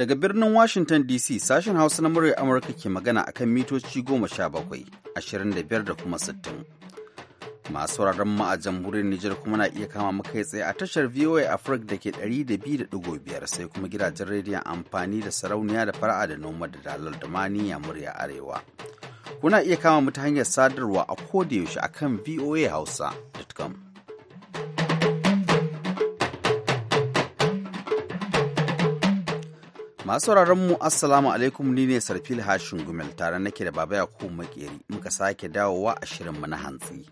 Daga birnin Washington DC sashen Hausa na murya Amurka ke magana akan mitoci goma sha bakwai, ashirin da biyar da kuma sittin. Masu wuraren mu a jamhuriyar Nijar kuma na iya kama mu kai tsaye a tashar VOA Africa da ke ɗari sai kuma gidajen rediyon amfani da sarauniya da fara'a da noma da dalar da maniya murya arewa. Kuna iya kama mu ta hanyar sadarwa a yaushe akan voa hausa.com. Masu mu Assalamu alaikum ni ne Sarfil Hashin Gumel tare nake da Baba Yakubu Makeri muka sake dawowa a shirinmu na hantsi.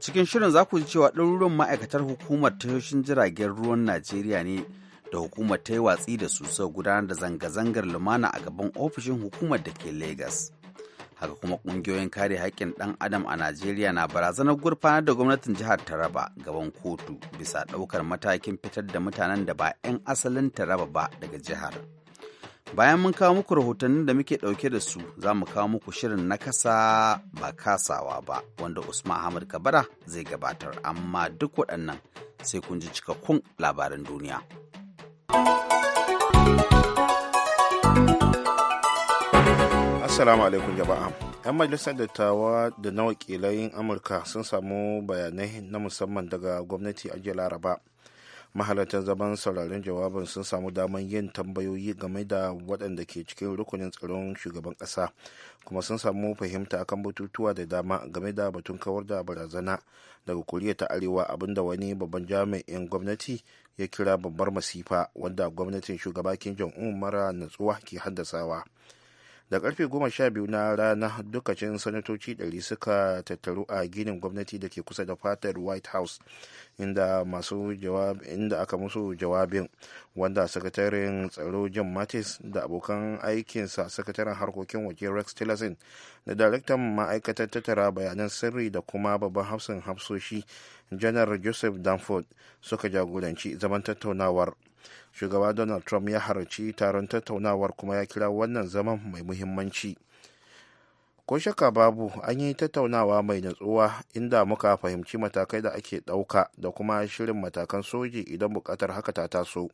Cikin shirin za ku ji cewa ɗaruruwan ma'aikatar hukumar tashoshin jiragen ruwan Najeriya ne da hukumar ta yi watsi da su sau gudanar da zanga-zangar lumana a gaban ofishin hukumar da ke Legas. Haka kuma ƙungiyoyin kare haƙƙin ɗan adam a Najeriya na barazanar gurfanar da gwamnatin jihar Taraba gaban kotu bisa ɗaukar matakin fitar da mutanen da ba 'yan asalin Taraba ba daga jihar. bayan mun kawo muku rahotannin da muke ɗauke da su za mu kawo muku shirin na kasa ba kasawa ba wanda usman ahmad kabara zai gabatar amma duk waɗannan sai kun ji cikakkun labaran duniya assalamu alaikum jama'a yan majalisar dattawa da na wakilan amurka sun samu bayanai na musamman daga gwamnati a jiya laraba mahalartan zaman sauraron jawabin sun samu damar yin tambayoyi game da waɗanda ke cikin rukunin tsaron shugaban ƙasa kuma sun samu fahimta akan batutuwa da dama game da batun kawar da barazana daga koriya ta arewa abinda wani babban jami'in gwamnati ya kira babbar masifa wanda gwamnatin shugaba kim jong mara natsuwa ke haddasawa. da karfe 12 na rana dukacin sanatoci 100 suka tattaru a ginin gwamnati da ke kusa da fatar white house inda masu inda aka musu jawabin wanda sakataren tsaro jim mattis da abokan aikinsa sakataren harkokin waje rex tillerson da daraktan ma'aikatar tattara bayanan sirri da kuma babban hafsin hafsoshi janar joseph danford suka jagoranci zaman tattaunawar shugaba donald trump ya halarci taron tattaunawar kuma ya kira wannan zaman mai muhimmanci ko shaka babu an yi tattaunawa mai natsuwa inda muka fahimci matakai da ake ɗauka da kuma shirin matakan soji idan buƙatar haka ta taso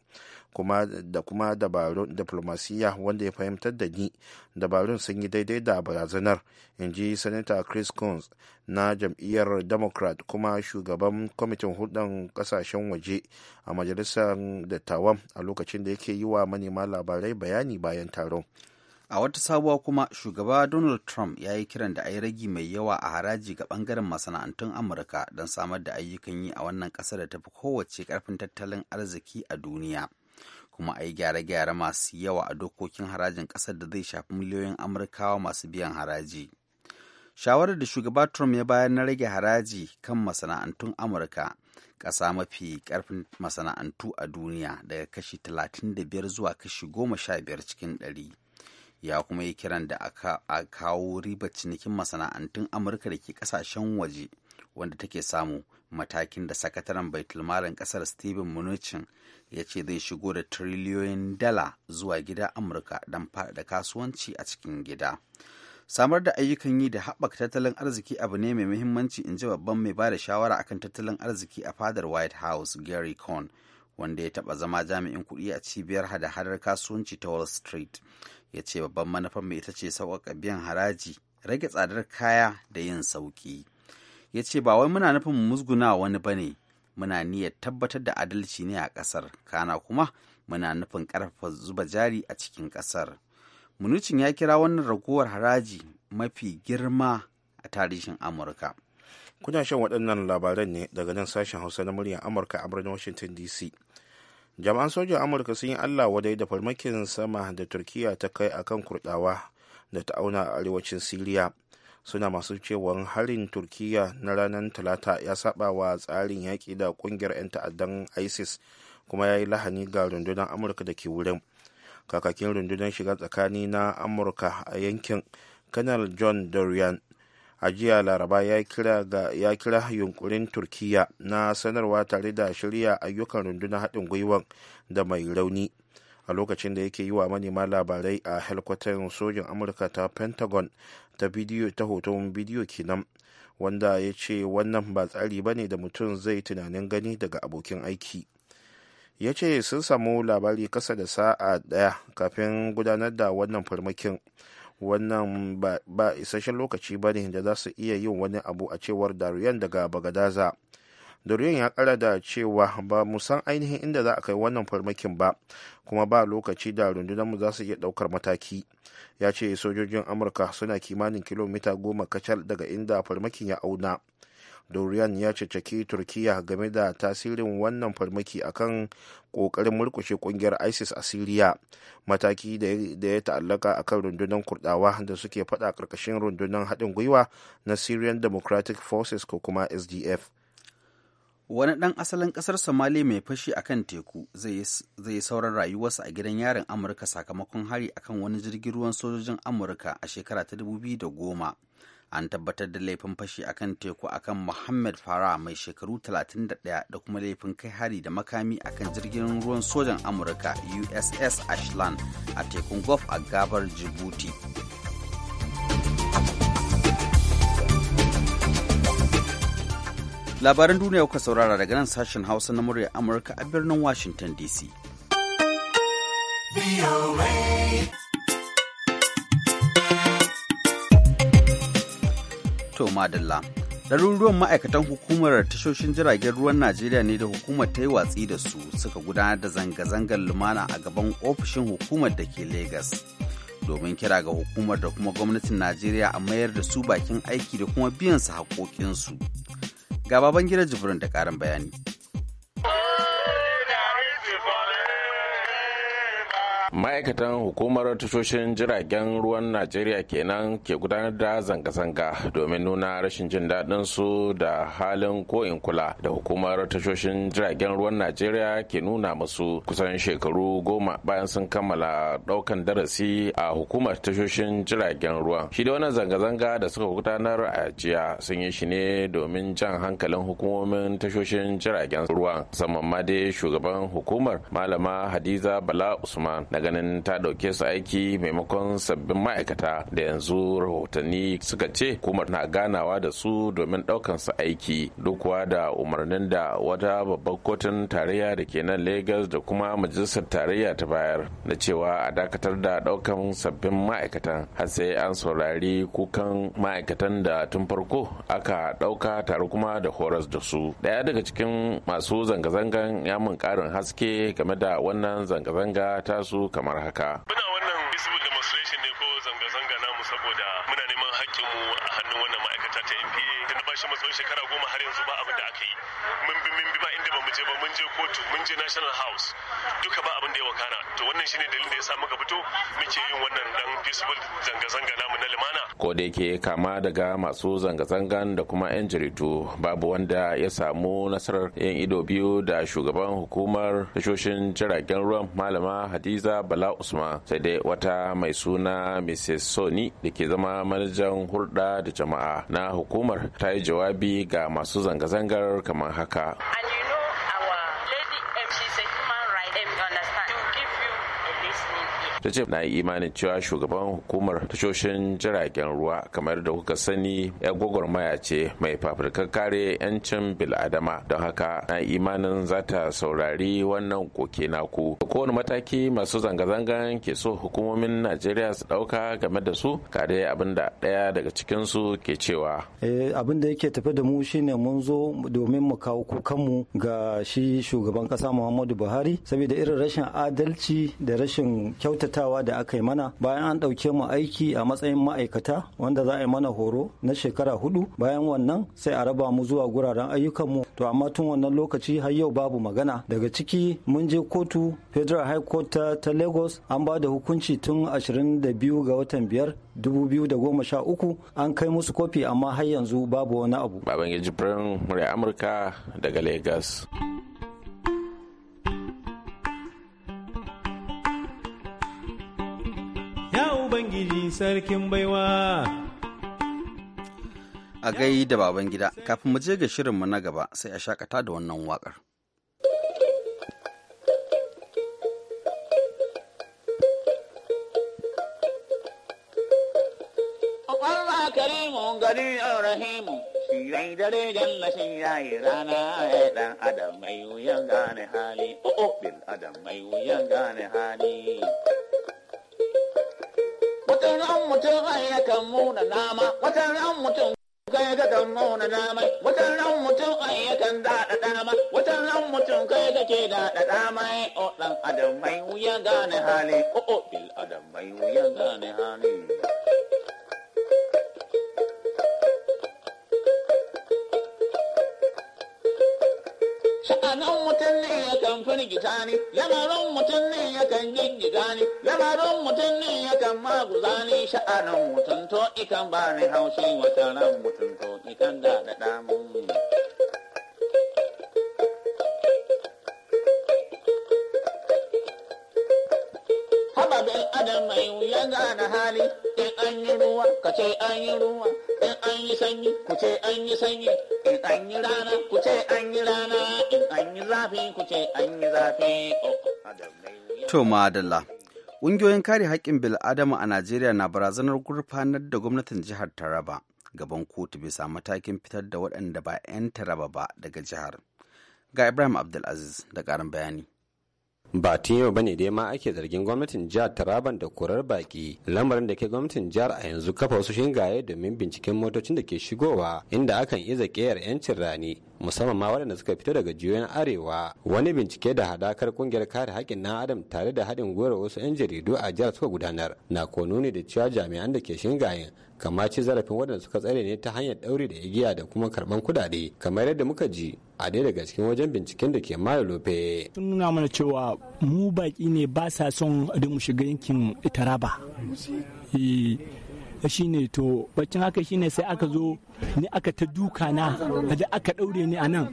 da kuma dabarun diplomasiya wanda ya fahimtar da ni dabarun sun yi daidai da barazanar in ji senator chris coons na jam'iyyar democrat kuma shugaban kwamitin hudun kasashen waje a majalisar dattawan a lokacin da yake yi wa manema labarai bayani bayan taron a wata sabuwa kuma shugaba donald trump ya yi kiran da ayi ragi mai yawa a haraji ga bangaren masana'antun amurka don samar da ayyukan yi a wannan kasar da tafi kowace karfin tattalin arziki a duniya kuma a yi gyare-gyare masu yawa a dokokin harajin ƙasar da zai shafi miliyoyin amurkawa masu biyan haraji shawarar da shugaba trump ya bayar na rage haraji kan masana'antun amurka ƙasa mafi ƙarfin masana'antu a duniya daga kashi 35 zuwa kashi 15 cikin 100 ya kuma yi kiran da a kawo ribar cinikin masana'antun amurka da ke ƙasashen waje wanda take samu matakin da sakataren baitulmalin kasar steven mnuchin ya ce zai shigo da tiriliyoyin dala zuwa gida amurka don faɗaɗa kasuwanci a cikin gida samar da ayyukan yi da haɓaka tattalin arziki abu ne mai muhimmanci in ji babban mai ba da shawara akan tattalin arziki a fadar white house gary cohn wanda ya taɓa zama jami'in kuɗi a cibiyar hada-hadar kasuwanci ta wall street ya ce babban manufar mai ita ce sauƙaƙa biyan haraji rage tsadar kaya da yin sauƙi. ya ce ba wai muna nufin musguna wani ba ne muna niyyar tabbatar da adalci ne a ƙasar kana kuma muna nufin ƙarfafa zuba jari a cikin ƙasar munucin ya kira wannan raguwar haraji mafi girma a tarihin amurka kuna shan waɗannan labaran ne daga nan sashen hausa na muryar amurka a birnin washington dc Jama'an sojan amurka sun yi allah wadai da farmakin sama da turkiya ta kai akan kurdawa da ta auna a arewacin siriya suna masu cewa harin turkiya na ranar talata ya saba wa tsarin yaƙi da ƙungiyar 'yan ta'addan isis kuma ya yi lahani ga rundunar amurka da ke wurin kakakin rundunar shiga tsakani na amurka a yankin kanal john dorian a jiya laraba ya kira yunƙurin ya yunkurin turkiya na sanarwa tare da shirya ayyukan rundunar haɗin gwiwan da mai rauni a lokacin da yake yi wa manema labarai a helikwatar sojin amurka ta pentagon ta bidiyo ta hoton bidiyo kenan wanda ya ce wannan ba tsari ba ne da mutum zai tunanin gani daga abokin aiki ya ce sun samu labari kasa da sa'a daya kafin gudanar da wannan farmakin wannan ba isasshen lokaci ba ne da za su iya yin wani abu a cewar dariyan daga bagadaza Dorian ya kara da cewa ba mu san ainihin inda za a kai wannan farmakin ba kuma ba lokaci da rundunarmu za su iya daukar mataki. Ya ce sojojin Amurka suna kimanin kilomita goma kacal daga inda farmakin ya auna. Dorian ya caccaki Turkiya game da tasirin wannan farmaki a kan kokarin murkushe kungiyar ISIS a Siriya, mataki da ya ta'allaka akan rundunar kurdawa da suke fada karkashin rundunar haɗin gwiwa na Syrian Democratic Forces ko kuma SDF. wani ɗan asalin ƙasar somali mai fashi a kan teku zai yi sauran rayuwarsa a gidan yarin amurka sakamakon hari a kan wani jirgin ruwan sojojin amurka a shekara ta 2010 an tabbatar da laifin fashi a kan teku a kan muhammad fara mai shekaru 31 da kuma laifin kai hari da makami a kan jirgin ruwan sojan amurka uss ashland a tekun gulf a gabar djibouti labaran duniya kuka saurara daga nan sashen hausa na murya amurka a birnin washington dc to madalla ɗaruruwan ma'aikatan hukumar tashoshin jiragen ruwan najeriya ne da hukumar ta yi watsi da su suka gudanar da zanga-zangar lumana a gaban ofishin hukumar da ke lagos domin kira ga hukumar da kuma gwamnatin najeriya a mayar da su bakin aiki da kuma biyan su haƙoƙinsu Ga baban gida jibrin da ƙarin bayani. ma'aikatan hukumar tashoshin jiragen ruwan najeriya kenan ke gudanar da zanga-zanga domin nuna rashin jin daɗin su da halin ko in kula da hukumar tashoshin jiragen ruwan najeriya ke nuna musu kusan shekaru goma bayan sun kammala ɗaukan darasi a hukumar tashoshin jiragen ruwan shi da wannan zanga-zanga da suka gudanar a jiya sun yi shi ne domin jan hankalin hukumomin tashoshin jiragen ruwan musamman ma dai shugaban hukumar malama hadiza bala usman ganin ta dauke su aiki maimakon sabbin ma'aikata da yanzu rahotanni suka ce hukumar na ganawa da su domin daukan su aiki dukwa da umarnin da wata babbar kotun tarayya da ke nan lagos da kuma majalisar tarayya ta bayar na cewa a dakatar da daukan sabbin ma'aikatan har sai an saurari kukan ma'aikatan da tun farko aka dauka tare kuma da horas da su daya daga cikin masu zanga-zangan ya mun karin haske game da wannan zanga-zanga ta su. kamar haka. Muna wannan peaceful demonstration ne ko zanga-zanga namu saboda muna neman haƙƙinmu a hannun wannan ma'aikata ta NPA. Tun ba shi matsayin shekara goma har yanzu ba abin da aka yi. je ba mun je kotu mun je national house duka ba abin da ya wakana to wannan shine dalilin da ya sa muka fito muke yin wannan dan peaceful zanga-zanga namu na limana ko da yake kama daga masu zanga-zangan da kuma yan jaridu babu wanda ya samu nasarar yan ido biyu da shugaban hukumar tashoshin jiragen ruwan malama hadiza bala usman sai dai wata mai suna mrs soni da ke zama manajan hulɗa da jama'a na hukumar ta yi jawabi ga masu zanga-zangar kamar haka. ta ce na yi imanin cewa shugaban hukumar tashoshin jiragen ruwa kamar da kuka sani ya gwagwarmaya ce mai fafirkar kare 'yancin bil'adama don haka na imanin za ta saurari wannan koke naku da kowane mataki masu zanga-zangan ke so hukumomin najeriya su dauka game da su kare abin da daya daga cikinsu ke cewa eh, abin da yake tafi da mu shine mun zo domin mu kawo kukanmu ga shi shugaban kasa muhammadu buhari saboda irin rashin adalci da rashin kyautata karyatawa da aka yi mana bayan an ɗauke mu aiki a matsayin ma'aikata wanda za a yi mana horo na shekara hudu bayan wannan sai a raba mu zuwa guraren ayyukanmu to amma tun wannan lokaci har yau babu magana daga ciki mun je kotu federal high court ta, lagos an ba da hukunci tun ashirin da biyu ga watan biyar da goma sha uku an kai musu kofi amma har yanzu babu wani abu. Babangiji Brown, Murya Amurka daga Lagos. sarkin baiwa. A gai da baban gida, kafin mu je ga shirinmu na gaba sai a shakata da wannan wakar. Allah karimu gari rahimu shi dare janna shirai rana ya ɗan adam mai wuyan gane hali o oh, oh, adam mai wuyan gane hali Watan ran mutum aya yakan muna nama watan ran mutum kai ga kan nuna dama watan ran mutum ai yakan daɗa dama watan ran mutum kai ga ke daɗa dama o dan adam mai wuya gane hali o o bil adam mai wuya gane hali sha'anan mutum ne yakan firgita ni lamarin mutum ne yakan gingida ni lamarin mutum ne yakan maguza guzani sha'anin mutum to ikan ba ni haushi wata ran mutum to ikan da da damun haba bil adam mai wuya gane hali an yi ruwa ka ce an ruwa in an yi sanyi ku ce an yi sanyi in an yi rana ku ce an yi rana in an yi zafi ku ce an yi zafi to madalla Ƙungiyoyin kare haƙƙin bil'adama a Najeriya na barazanar gurfanar da gwamnatin jihar Taraba gaban kotu bisa matakin fitar da waɗanda ba 'yan Taraba ba daga jihar. Ga Ibrahim Abdulaziz da ƙarin bayani. ba yau bane dai ma ake zargin gwamnatin jihar Taraban da korar baki lamarin da ke gwamnatin jihar a yanzu kafa wasu shingaye domin binciken motocin da ke shigowa inda akan iza keyar yancin rani musamman ma waɗanda suka fito daga jiyoyin arewa wani bincike da hadakar kungiyar kare haƙƙin na adam tare da haɗin gwiwar wasu 'yan jaridu a jihar suka gudanar na ko nuni da cewa jami'an da ke shingayen kama ci zarafin waɗanda suka tsare ne ta hanyar ɗauri da igiya da kuma karɓar kuɗaɗe kamar yadda muka ji a ɗaya daga cikin wajen binciken da ke mara lofe. sun nuna mana cewa mu baƙi ne ba sa son da mu shiga yankin itaraba eh, ne to baccin haka shine sai aka zo ni aka ta duka na da aka daure ni a nan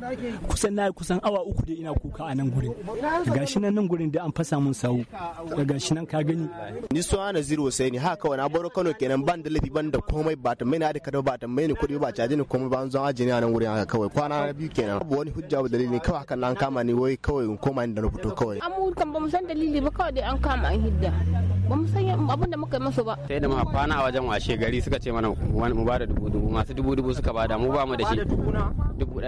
kusan na kusan awa uku da ina kuka a nan gurin ga shi nan gurin da an fasa mun sawu shi nan ka gani ni so ana zero sai ni haka wani abu Kano kenan ban da lafi ban da komai ba ta maina da kada ba ta maina kudi ba caji ne komai ba an zan ajiye ni a nan gurin haka kawai kwana na biyu kenan abu wani hujja ba dalili kawai haka an kama ni wai kawai in koma ni da na fito kawai an mu kan ba mu san dalili ba kawai dai an kama an hidda ba mu san abin da muka yi masu ba sai da muka kwana a wajen washe gari suka ce mana mu ba da dubu dubu masu dubu dubu suka bada mu ba mu da shi dubu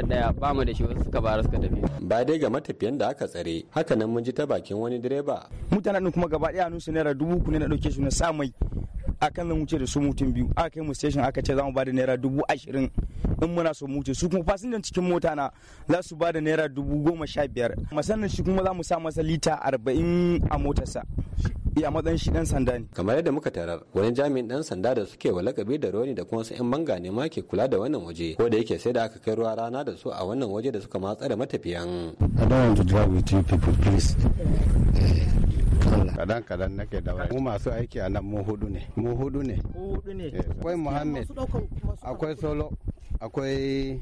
ɗaya ba mu da shi wasu suka bara suka tafi ba dai ga matafiyan da aka tsare haka nan mun ji ta bakin wani direba mutanen kuma gaba ɗaya nun su naira dubu ku ne na ɗauke su na sa mai akan zan wuce da su mutum biyu aka kai mu station aka ce za mu bada naira dubu ashirin in muna so mu wuce su kuma fasinjan cikin mota na za su da naira dubu goma sha biyar masannan shi kuma za mu sa masa lita arba'in a motarsa ya matsayin shi dan sanda ne kamar yadda muka tarar wani jami'in dan sanda da suke wa lakabi da roni da kuma wasu yan manga ne ma ke kula da wannan waje ko da yake sai da aka kai ruwa rana da su a wannan waje da suka matsa da matafiyan i don't want to drive with you people please kadan kadan nake da mu masu aiki a nan mu hudu ne mu hudu ne eh, akwai muhammed akwai solo akwai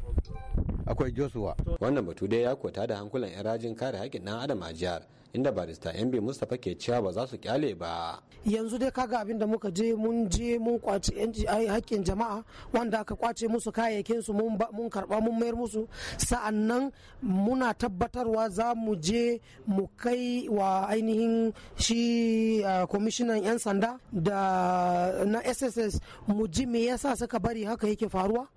akwai joshua wannan batu dai ya kwata da hankulan yan rajin kare haƙƙin ɗan adam a jihar inda barista mb mustapha ke cewa ba za su kyale ba yanzu dai kaga abin da muka je mun je mun kwace haƙƙin jama'a wanda aka kwace musu kayayyakin su mun karba mun mayar musu sa'annan muna tabbatarwa za mu je mu kai wa ainihin shi kwamishinan yan sanda da na sss mu ji me yasa suka bari haka yake faruwa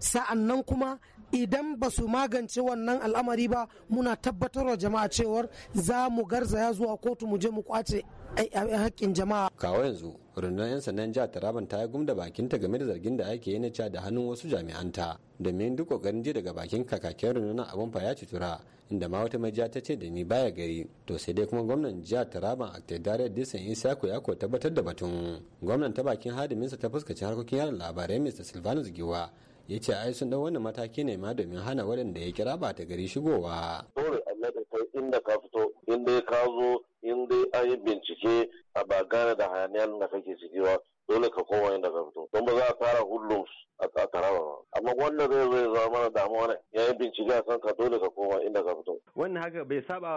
sa'annan kuma idan ba su magance wannan al'amari ba muna tabbatar wa jama'a cewar za mu garzaya zuwa kotu mu je mu kwace haƙƙin jama'a kawo yanzu rundunar 'yan sandan jihar taraban ta gumda ta game da zargin da ake yi na da hannun wasu jami'an ta domin duk kokarin je daga bakin kakakin rundunar abun fa ya tura inda ma wata majiya ta ce da ni baya gari to sai dai kuma gwamnan jihar taraban aktadariyar disan isaku ya ko tabbatar da batun gwamnan ta bakin hadiminsa ta fuskaci harkokin yaran labarai mr silvanus giwa ya ce ai sun dau wannan mataki ne ma domin hana waɗanda ya kira ba ta gari shigowa. Dole Allah da kai inda ka fito inda ka zo inda dai bincike a ba gane da hayaniyar da kake ciki dole ka koma inda ka fito don ba za a tara hullum a taraba ba amma wanda zai zai zama mana damuwa ne ya yi bincike a kanka dole ka koma inda ka fito. wannan haka bai saba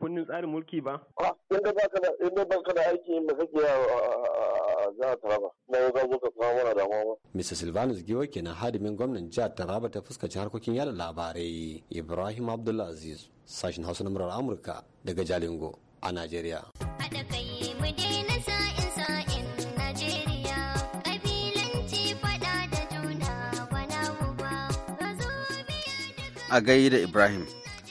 kunnin tsarin mulki ba. inda ba ka da inda ba ka da aiki inda kake a jihar taraba na yau za ka kawo mana damuwa ba. mr silvanus giwa kenan hadimin gwamnan jihar taraba ta fuskaci harkokin yada labarai ibrahim Aziz sashen hausa na murar amurka daga jalingo a najeriya. haɗa kai a da Ibrahim.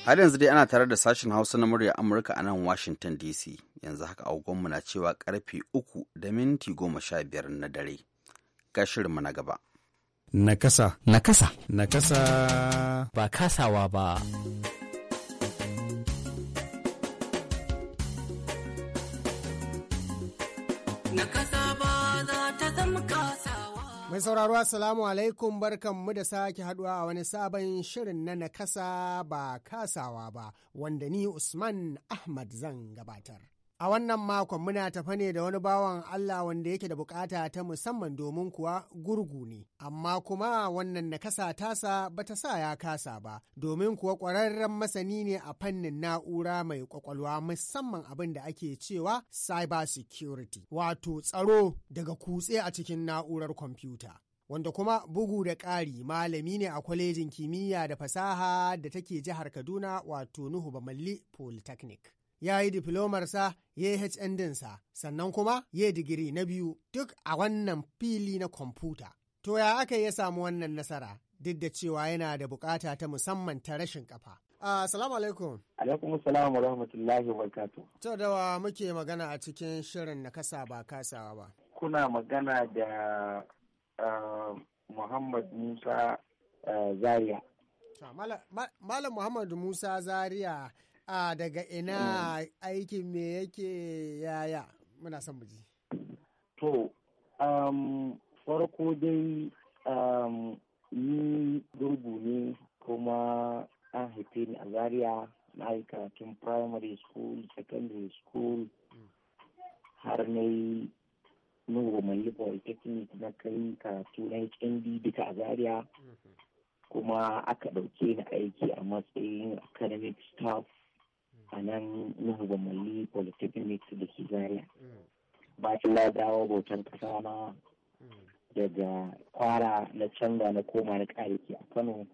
Har yanzu dai ana tare da sashen Hausa na murya Amurka a nan Washington DC. Yanzu haka agogonmu na cewa karfe uku da minti goma sha biyar na dare. Ga shirinmu na gaba. Nakasa. Nakasa. Nakasa. Ba kasawa ba. Nakasa. Mai sauraro Assalamu alaikum barkanmu da sake haduwa a wani sabon shirin na nakasa ba kasawa ba wanda ni Usman Ahmad zan gabatar. A wannan makon muna tafa ne da wani bawan Allah wanda yake da bukata ta musamman domin kuwa gurgu ne, amma kuma wannan nakasa tasa bata sa ya kasa ba, domin kuwa ƙwararren masani ne a fannin na'ura mai ƙwaƙwalwa musamman abin da ake cewa cyber security, wato tsaro daga kutse a cikin na'urar kwamfuta. wanda kuma bugu da ƙari malami ne a kwalejin kimiyya da fasaha da take jihar Kaduna wato Nuhu Bamalli Polytechnic. ya yi diflomarsa ya yi sa sannan kuma ya yi digiri na biyu duk a wannan fili na kwamfuta. To ya aka ya samu wannan nasara duk da cewa yana da bukata ta musamman ta rashin kafa. Ah, assalamu alaikum. Alaikum salamu rahmatullahi wa To da muke magana a cikin shirin na kasa ba kasawa ba. Kuna magana da ah, Muhammad Musa uh, Zaria. Malam Muhammad Musa Zaria a daga ina aikin me yake yaya muna son mu ji to um, farko dai um, ni gurgu ne kuma an haife ni a zaria na yi karatun primary school secondary school har na yi nuhu polytechnic na kai karatu na hnd duka a zaria mm-hmm. kuma aka ɗauke ni aiki a matsayin academic staff a nan nuhu gwamnali polytechnic da ke zaria bacin na dawo bautan kasa ma mm. daga kwara na canza na koma na ƙare a kano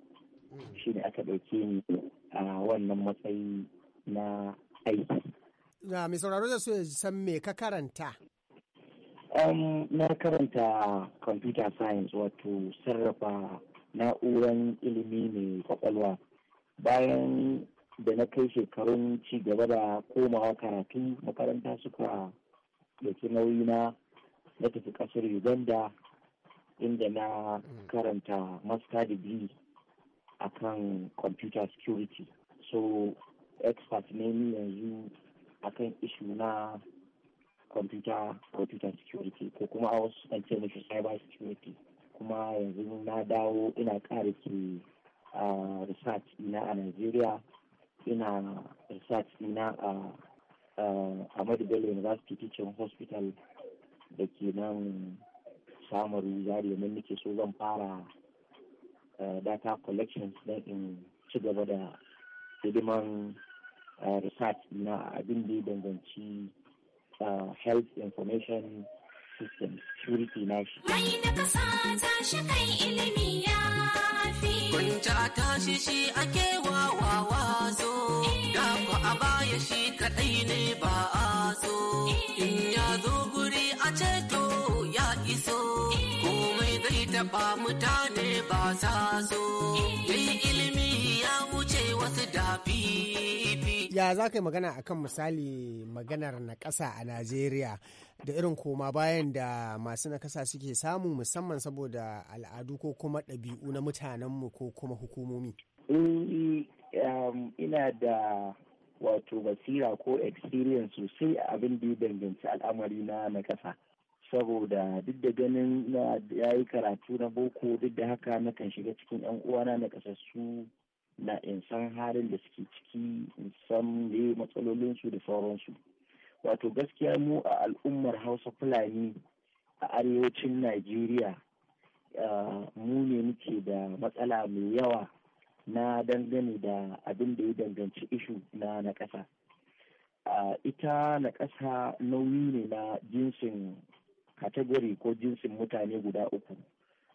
mm. shi ne aka ɗauke ni a wannan matsayi na aiki na mai sauraro da su san me ka karanta um, na karanta computer science wato sarrafa na'uran ilimi mai kwakwalwa bayan da na kai shekarun ci gaba da komawa karatu makaranta suka ɗauki nauyi na na tafi kasar uganda inda na karanta master degree akan computer security so expert ne ni yanzu akan ishu na computer computer security ko kuma a wasu kan ce cyber security kuma yanzu na dawo ina ƙara a ah, research ina a nigeria. ina research ina a Ahmadu Bello University Teaching Hospital da ke nan samaru zariya nan nake so zan fara data collections don in ci gaba da hidiman research na abin da ya danganci health information system security na shi. Mai na kasa ta shi kai ilimi ya fi. Kunta ta shi shi ake wawa zo. ku a baya shi kaɗai ne ba a so. In ya zo guri a ceto ya iso. Komai zai taɓa mutane ba sa so. Yayi ilimi ya wuce wasu da fifi. Ya za ka yi magana akan misali maganar na ƙasa a Najeriya. da irin koma bayan da masu ƙasa suke samu musamman saboda al'adu ko kuma ɗabi'u na mutanenmu ko kuma hukumomi. Eh, Um, ina da wato basira ko experience sosai a abin da ya danganci al'amari na na kasa saboda duk da ganin na ya yi karatu na boko duk da haka na kan shiga cikin yan uwana na ƙasassu na in san halin da suke ciki in san da matsalolinsu da sauransu wato gaskiya mu a al'ummar hausa fulani a arewacin najeriya uh, mu ne muke da matsala mai yawa na dangane da abin da ya danganci ishu na na ƙasa. Ita na ƙasa nauyi ne na jinsin kategori ko jinsin mutane guda uku.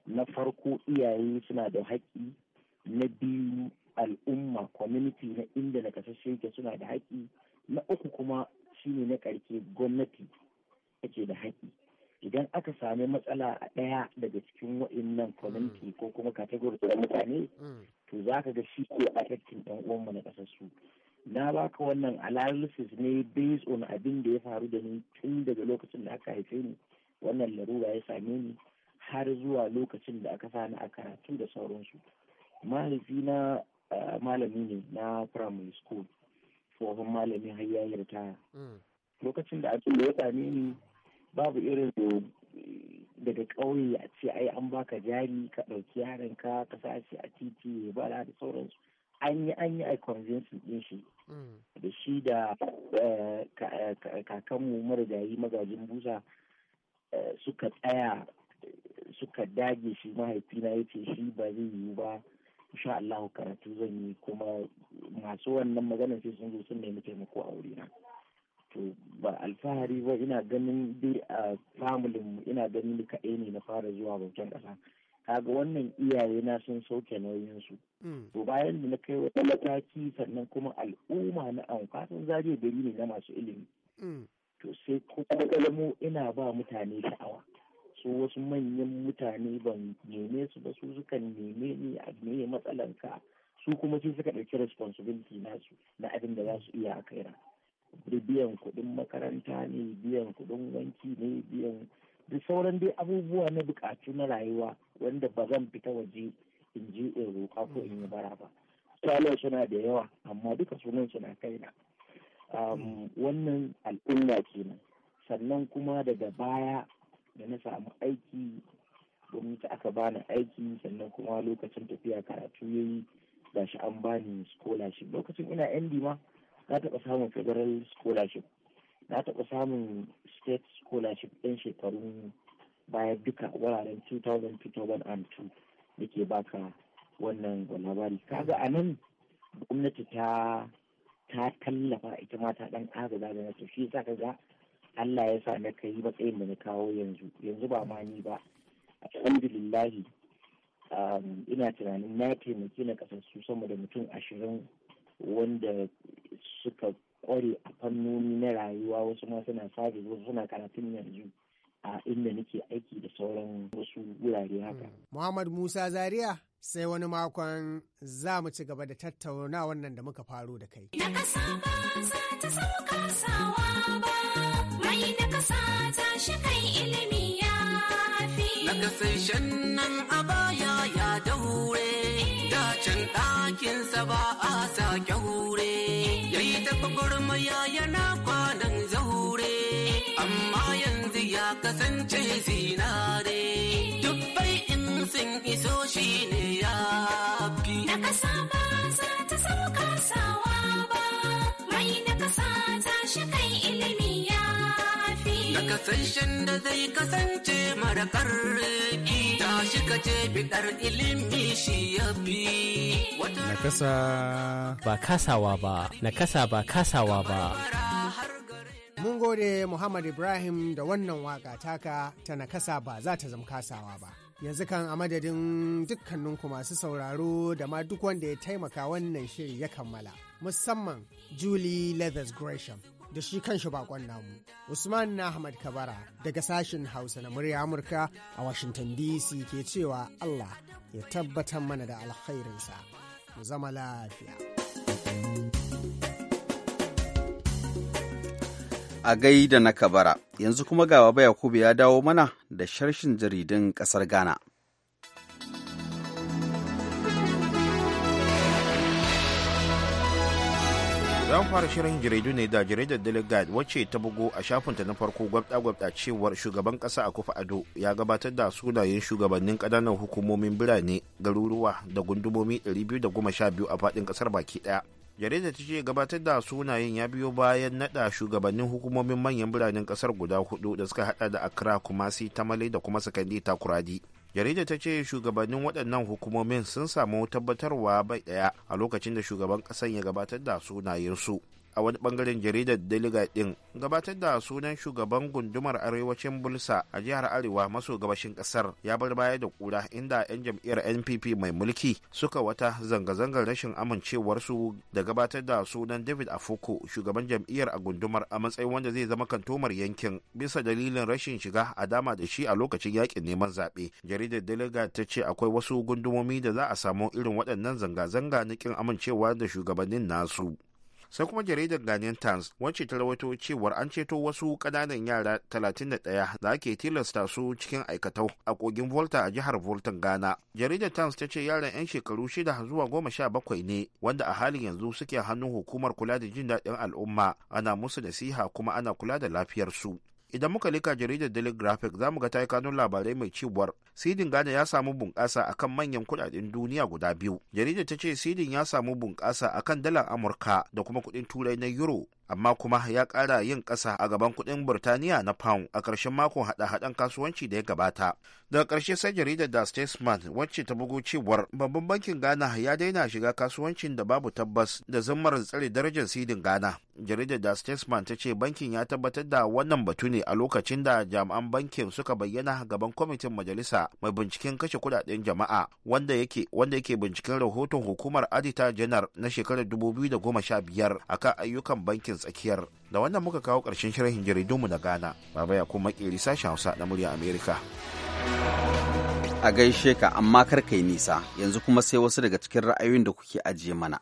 Na farko iyaye suna da haƙƙi, na biyu al'umma community na inda na ƙasa yake suna da haƙƙi, na uku kuma shine na ƙarke gwamnati ake da haƙƙi. idan aka sami matsala a ɗaya daga cikin wa'innan kwamiti mm. ko kuma kategori da mutane mm. to za ka ga shi ko affecting ɗan uwanmu na ƙasar su na baka wannan analysis ne based on abin da ya faru da ni tun daga lokacin da aka haife ni wannan larura ya same ni har zuwa lokacin da aka sani a karatu da sauransu na malami ne na primary school tsohon malami har ya ritaya mm. lokacin da a da ya same ni babu irin daga ƙauye a ce ai an baka jari ka ɗauki yaron ka ka sace a titi ya ba da sauransu an yi an yi a convincing ɗin shi mm. da shi da eh, kakanmu marigayi magajin busa eh, suka tsaya suka dage shi mahaifina ya ce shi ba zai yiwu ba insha Allah karatu zan yi kuma masu wannan maganar sai sun zo sun nemi taimako a wurina. to ba alfahari ba ina ganin dai a familin ina ganin ni kaɗai ne na fara zuwa bautan ƙasa kaga wannan iyaye na sun sauke su mm. to bayan da na kai wata mataki sannan kuma al'umma na amfa zariya gari ne na masu ilimi mm. to sai kuma kalmo ina ba mutane sha'awa su wasu manyan mutane ban neme su ba su suka neme ni a ne matsalanka su kuma sai suka ɗauki responsibility nasu na abin da za su iya a kaina biyan kuɗin makaranta ne biyan kuɗin wanki ne biyan da sauran dai abubuwa na buƙatu na rayuwa wanda ba zan fita waje in je in roƙa ko in yi bara ba salo suna da yawa amma duka sunan suna kaina um, wannan al'umma kenan sannan kuma daga baya da na samu aiki gwamnati aka bani aiki sannan kuma lokacin tafiya karatu yayi shi an bani scholarship lokacin ina yan ma na taɓa samun federal scholarship na taɓa samun state scholarship ɗin shekarun baya duka wuraren and 2002 da ke baka wannan labari kaga a nan gwamnati ta ta tallafa ita mata ɗan agaza da nasu shi yasa kaga Allah ya sa na kai matsayin da na kawo yanzu yanzu ba ma ni ba alhamdulillahi um, ina tunanin na taimaki na su sama da mutum ashirin wanda suka kware a fannoni na rayuwa wasu ma suna sabis wasu suna karatun yanzu a inda nake aiki da sauran wasu wurare haka. Hmm. Muhammad Musa Zaria sai wani makon za mu ci gaba da tattauna wannan da muka faro da kai. Na ba za ta ilimi ya nan a baya ya daure, dacin ɗakinsa ba a sake hure, yayi ta yana kwa kasance zinare dubbai in sun iso shi ne ya fi na kasa ba za ta sauka sawa ba mai na kasa ta shi kai ilimi ya fi na kasashen da zai kasance mara karfi ta shi ka ce bidar ilimi shi ya fi na kasa ba kasawa ba na kasa ba kasawa ba Mun gode Muhammad Ibrahim da wannan waka taka ta nakasa ba za ta zama kasawa ba. Yanzu kan a madadin dukkaninku masu sauraro da ma duk wanda ya taimaka wannan shiri ya kammala. Musamman Julie Leathers Gresham da shi kanshi bakon namu. Usman Ahmad Kabara daga sashen Hausa na murya Amurka a Washington DC ke cewa Allah ya tabbatar mana da alkhairinsa. Mu zama lafiya. a da na kabara yanzu kuma ga baya yakubu ya dawo mana da sharshin jaridun kasar ghana zan fara shirin jaridu ne da jaridar delegate wacce ta bugu a shafinta na farko gwabda-gwabda cewar shugaban kasa a kufa ado ya gabatar da sunayen shugabannin ƙananan hukumomin birane garuruwa da gundumomi 212 a faɗin ƙasar baki ɗaya jarida ta ce gabatar da sunayen ya biyo bayan nada shugabannin hukumomin manyan biranen kasar guda hudu da suka hada da accra kumasi tamale da kuma sakandi takuradi jarida ta ce shugabannin waɗannan hukumomin sun samu tabbatarwa bai ɗaya a lokacin da shugaban ƙasar ya gabatar da sunayensu a wani bangaren jaridar deliga din gabatar da sunan shugaban gundumar arewacin bulsa a jihar arewa maso gabashin kasar ya bar baya da kura inda 'yan jam'iyyar npp mai mulki suka wata zanga-zangar rashin amincewarsu da gabatar da sunan david afoko shugaban jam'iyyar a gundumar a matsayin wanda zai zama kantomar yankin bisa dalilin rashin shiga a dama da shi a lokacin yakin neman zaɓe jaridar deliga ta ce akwai wasu gundumomi da za a samu irin waɗannan zanga-zanga na kin amincewa da shugabannin nasu sai kuma jaridar Ghanaian Times wacce ta rawaito cewar an ceto wasu ƙananan yara 31 da ake tilasta su cikin aikatau a kogin Volta a jihar Volta Ghana. Jaridar Times ta ce yaran 'yan shekaru 6 zuwa 17 ne wanda a halin yanzu suke hannun hukumar kula da jin daɗin al'umma ana musu nasiha kuma ana kula da lafiyarsu. idan muka lika jaridar daily graphic za mu ga ta labarai mai cewar sidin ghana ya samu bunƙasa akan manyan kudaden duniya guda biyu jaridar ta ce sidin ya samu bunƙasa akan dalar amurka da kuma kuɗin turai na euro amma kuma ya kara yin ƙasa a gaban kuɗin Burtaniya na pound a karshen makon haɗa-haɗen kasuwanci da ya gabata. Daga karshe sai jaridar da Statesman wacce ta bugu cewar babban bankin Ghana ya daina shiga kasuwancin da babu tabbas da zammar tsare darajar sidin Ghana. Jaridar da Statesman ta ce bankin ya tabbatar da wannan batu ne a lokacin da jami'an bankin suka bayyana gaban kwamitin majalisa mai binciken kashe kuɗaɗen jama'a wanda yake wanda yake binciken rahoton hukumar Adita Janar na shekarar 2015 akan ayyukan bankin tsakiyar da wannan muka kawo ƙarshen shirin jaridunmu na ghana baba ya kuma makeri sashen hausa na murya amerika a gaishe ka amma kar kai nisa yanzu kuma sai wasu daga cikin ra'ayoyin da kuke ajiye mana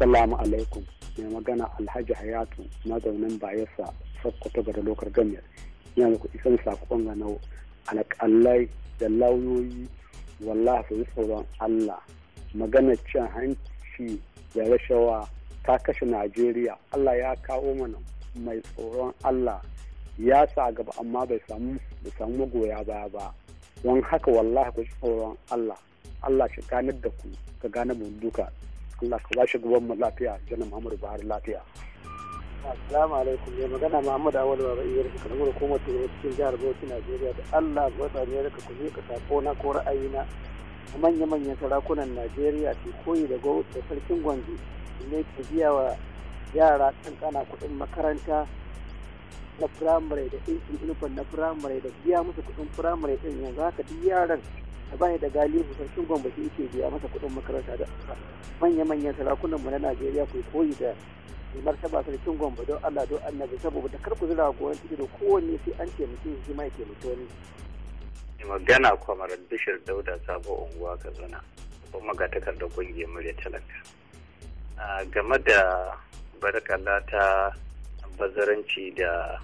Assalamu alaikum mai magana Alhaji Hayatu mazaunin Bayelsa Sokoto ga lokar Gamiyar. yana da kusan sakon ga nau alƙalai da lauyoyi wallahi ka yi tsoron Allah magana cin hanci da rashawa ta kashe Najeriya Allah ya kawo mana mai tsoron Allah ya sa gaba amma bai samu da samu magoya baya ba don haka wallahi yi tsoron Allah Allah shi ganar da ku ka gane mu duka Allah ka ba shi gaban mu lafiya jana Muhammadu Buhari lafiya Assalamu alaikum mai magana Muhammad Awal Baba Iyar shi karamar hukumar Turai cikin jihar Bauchi Najeriya da Allah ga wata Amerika ku ka sako na ko ra'ayina a manya-manyan sarakunan Najeriya ke koyi da da sarkin Gombe ne ke biya wa yara kankana kuɗin makaranta na firamare da ɗinkin ilfan na firamare da biya musu kuɗin firamare ɗin yanzu haka duk yaran da bani da galibu sarkin Gombe shi ke biya masa kuɗin makaranta da manya-manyan sarakunan mu na Najeriya ku koyi da mai martaba sarkin gombe don allah don annabi saboda kar ku zira goyon ido kowanne sai an ce mutum shi ma ke taimake wani. magana kwamar bishir dauda sabo unguwa katsina kuma ga takardar kungiyar murya talaka game da barkala ta bazaranci da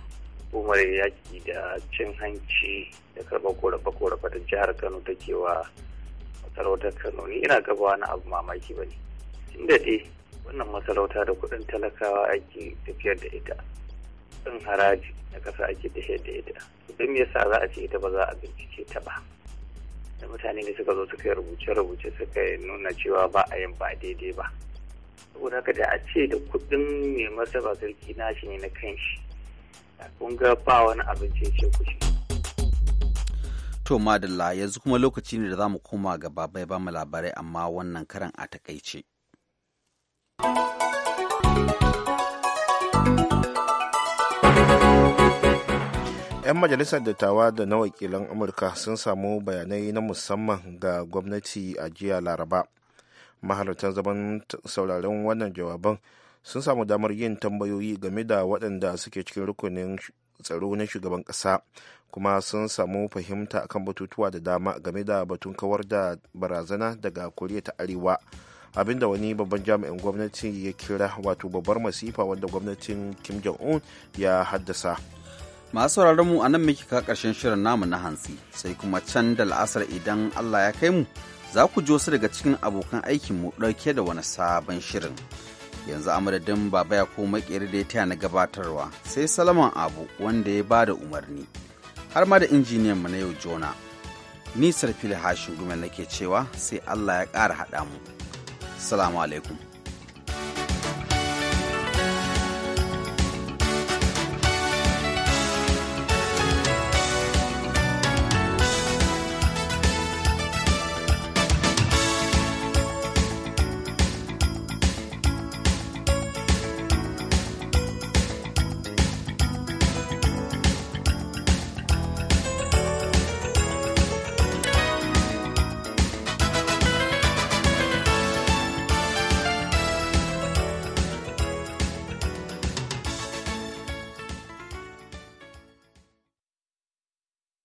umar yaƙi da cin hanci da karɓar korafe-korafe da jihar kano take a masarautar kano ni ina gaba wani abu mamaki ba ne inda dai wannan masarauta da kuɗin talakawa ake tafiyar da ita ɗin haraji na ƙasa ake tafiyar da ita don me yasa za a ce ita ba za a bincike ta ba da mutane ne suka zo suka yi rubuce-rubuce suka nuna cewa ba a yin ba daidai ba saboda haka da a ce da kuɗin mai ba sarki nashi ne na kanshi kun ga ba wani abinci ce ku To madalla yanzu kuma lokaci ne da za mu koma ga babai ba mu labarai amma wannan karan a takaice. 'yan majalisar dattawa da na wakilan amurka sun samu bayanai na musamman ga gwamnati a jiya laraba mahalartan zaman sauraron wannan jawaban sun samu damar yin tambayoyi game da waɗanda suke cikin rukunin tsaro na shugaban ƙasa kuma sun samu fahimta kan batutuwa da dama game da batun kawar da barazana daga koriya ta arewa abinda wani babban jami'in gwamnati ya kira wato babbar masifa wanda gwamnatin kim jong-un ya haddasa masu mu a nan muke ka karshen shirin namu na hantsi sai kuma can da la'asar idan allah ya kai mu za ku ji wasu daga cikin abokan aikin mu ɗauke da wani sabon shirin yanzu amadadin baba ya ko makeri da ya taya na gabatarwa sai salaman abu wanda ya bada umarni har ma da injiniyan mu na yau jona ni sarfili hashin gumel nake cewa sai allah ya ƙara haɗa mu Assalamu alaikum.